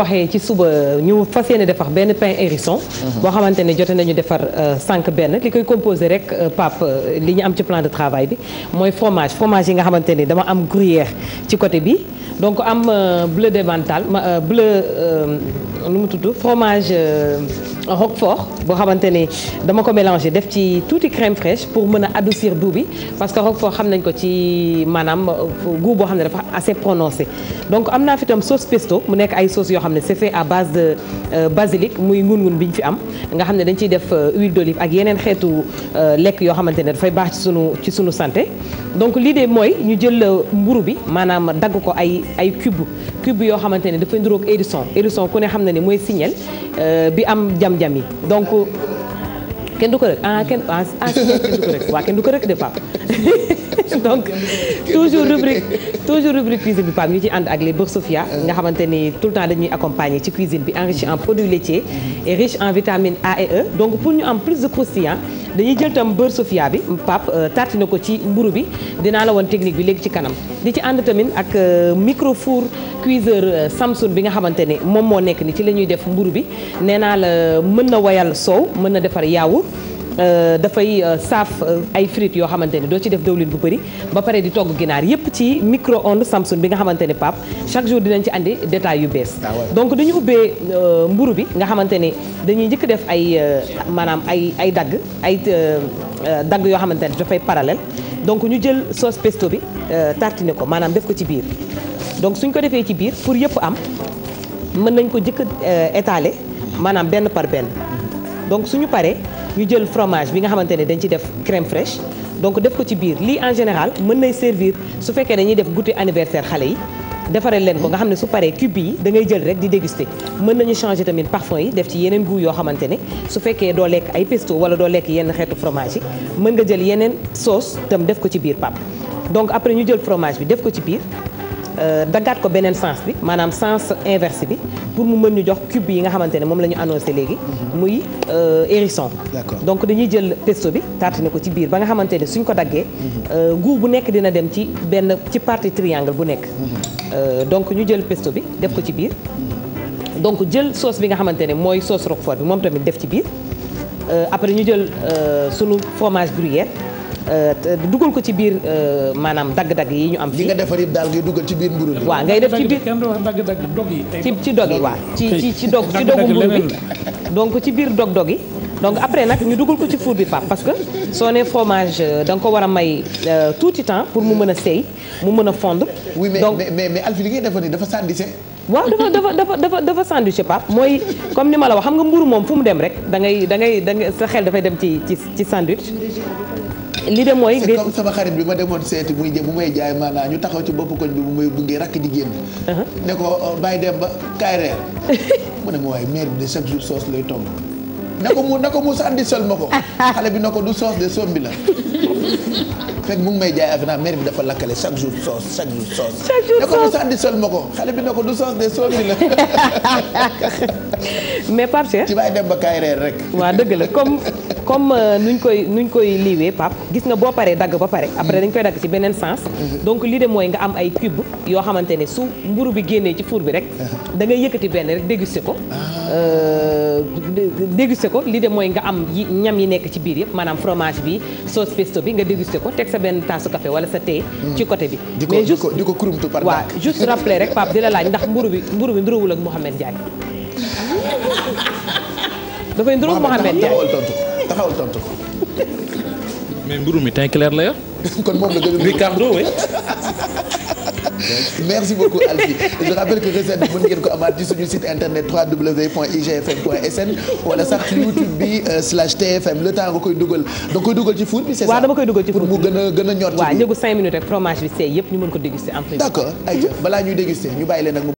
waxee ci suba ñu fa yéene defar benn pain hérisson. Mhm. boo xamante ni jote nañu defar sànq euh, benn li koy composé rek euh, pape euh, li ñu am ci plan de travail bi mooy fromage fromage yi nga xamante ne dama am gruyère ci côté bi donc am bleu d'Emmental bleu nu mu tudd fromage. roquefort boo xamante ne dama ko mélangé def ci tuuti crème fraîche pour mën a adoucir doux bi parce que roquefort xam nañ ko ci maanaam euh, goût boo xam ne dafa assez prononcé donc am naa fi tam sauce pesto mu nekk ay sauce yoo xam ne c'est fait à base de euh, basilic muy ngun-ngun bi ñu fi am nga xam ne dañ ciy def euh, huile d'olive ak yeneen xeetu lekk yoo xamante ne dafay baax ci sunu ci sunu santé donc lii de mooy ñu jël mburu bi maanaam dagg ko ay ay cube cube yoo xamante ne dafa nduroog hérisson hérisson ku ne xam ne mooy signal euh, bi am jam-jam yi donc kenn du ko rek ah kenn ah, ah signal kenn du ko rek waaw kenn du ko rek de Pape donc toujours rubrique toujours rubrique cuisine bi Pape ñu ci ànd ak les Boursofia nga xamante tout le temps dañuy accompagner ci cuisine bi enrichi en produits laitiers et riche en vitamines A E donc pour ñu am plus de croustillant dañuy jël tam bër sofia bi pap euh, na ko ci mburu bi dinaa la woon technique bi léegi ci kanam di ci ànd tamit ak euh, micro four cuiseur euh, Samsung bi nga xamante ne moom moo nekk ni ci la ñuy def mburu bi nee naa la mën na wayal soow mën na defar yaawur Euh, dafay euh, saaf euh, ay frites yoo xamante ne doo ci def dawlin bu bëri ba pare di togg ginaar yépp ci micro-ondes Samsung bi nga xamante ne Pape chaque jour dinañ ci andi détails yu bees ah donc dañu ubbee mburu bi nga xamante ne dañuy njëkk def ay maanaam ay ay dagg ay dagg yoo xamante ne dafay parallèle donc ñu jël sauce pesto bi tartiner ko maanaam def ko ci biir donc suñ ko defee ci biir pour yëpp am mën nañ ko jëkk étaler maanaam benn par benn donc suñu paree ñu jël fromage bi nga xamante ne dañ ci def crème fraîche donc def ko ci biir lii en général mën nay servir su fekkee dañuy def goûter anniversaire xale yi defaree leen ko nga xam ne su paree cube yi da ngay jël rek di déguster mën nañu changer tamit parfum yi def ci yeneen goût yoo xamante ne su fekkee doo lekk ay pesto wala doo lekk yenn xeetu fromage yi mën nga jël yeneen sauce tam def ko ci biir pap donc après ñu jël fromage bi def ko ci biir Euh, daggaat ko beneen sens bi maanaam sens inverse bi pour mu mën ñu jox cube yi nga xamante ne moom la ñu annoncé léegi. muy euh, hérisson. donc dañuy jël pesto bi tartine ko ci biir ba nga xamante ne suñ ko daggee. Mhm. Euh, goût bu nekk dina dem ci benn ci partie triangle bu nekk. Mhm. donc ñu jël pesto bi def ko ci biir. Mhm. donc jël soos bi nga xamante ne mooy sauce roquefort bi moom tamit def ci biir après ñu jël sunu fromage gruyère. Euh, dugal ko ci biir euh, maanaam dagg-dagg yi ñu am. li nga defar yëpp daal ngay dugal ci biir mburu bi. waa ngay def ci biir dagg-dagg dog yi. ci ci dog yi ci ci dog ci dogu mburu bi donc ci biir dog-dog yi. donc après nag ñu dugal ko ci four bi pap parce que soo nee fromage euh, danga ko war a may tout tuuti temps pour mu mën a sey mu mën a fondre. oui mais mais mais Alphie li ngay defar nii dafa sandwich. waaw dafa dafa dafa dafa dafa sandwich pap mooy comme ni ma la wax xam nga mburu moom fu mu dem rek da ngay da sa xel dafay dem ci ci ci sandwich. li de mooy. c'est comme sama xarit bi ma demoon seeti muy jë bu may jaay maanaam ñu taxaw ci bopp koñ bi bu may buggee rakk di génn. Uh-huh. ne ko oh, bàyyi dem ba kaay reer mu ne ma waaye maire bi de chaque jour soos lay togg. na ko mu na ko mu sànni sol ma ko xale bi na ko du soos de soom bi la fekk mu ngi may jaay affaire mère bi dafa lakkale chaque jour soos chaque jour soos na ko mu sànni sol ma ko xale bi na ko du soos de soom bi la mais Pape ci bay dem ba kaay reer rek waa dëgg la comme comme euh, nuñ koy nuñ koy liiwee Pape gis nga boo paree dagg ba pare après mm. dañ koy dagg ci beneen sens mm-hmm. donc lii de mooy nga am ay cube yoo xamante ne su mburu bi génnee ci four bi rek uh-huh. da ngay yëkkati benn rek dégusté ko ah. euh, dégusté ko li de mooy nga am ñam yi nekk ci biir yëpp maanaam fromage bi sauce pesto bi nga dégusté ko teg sa benn taasu café wala sa thé hmm. ci côté bi mais juste di ko kurumtu par waaw juste rappeler rek Pape di la laaj ndax mburu bi mburu bi nduruwul ak Mouhamed Ndiaye dafay nduruwul Mouhamed Ndiaye taxawal ko taxawal tontu ko mburu mi teint la yor merci beaucoup Alfie je rappelle que recette bi mën ngeen ko amaat ci suñu site internet www.igfm.sn wala sax YouTube bi euh, slash TFM le temps nga koy dugal da koy dugal ci foot bi c'est ça waaw dama koy dugal ci foot mu gën a gën a ñor ci njëgu minutes rek fromage bi seey yëpp ñu mën ko déguster d'accord balaa ñuy déguster ñu bàyyi leen nag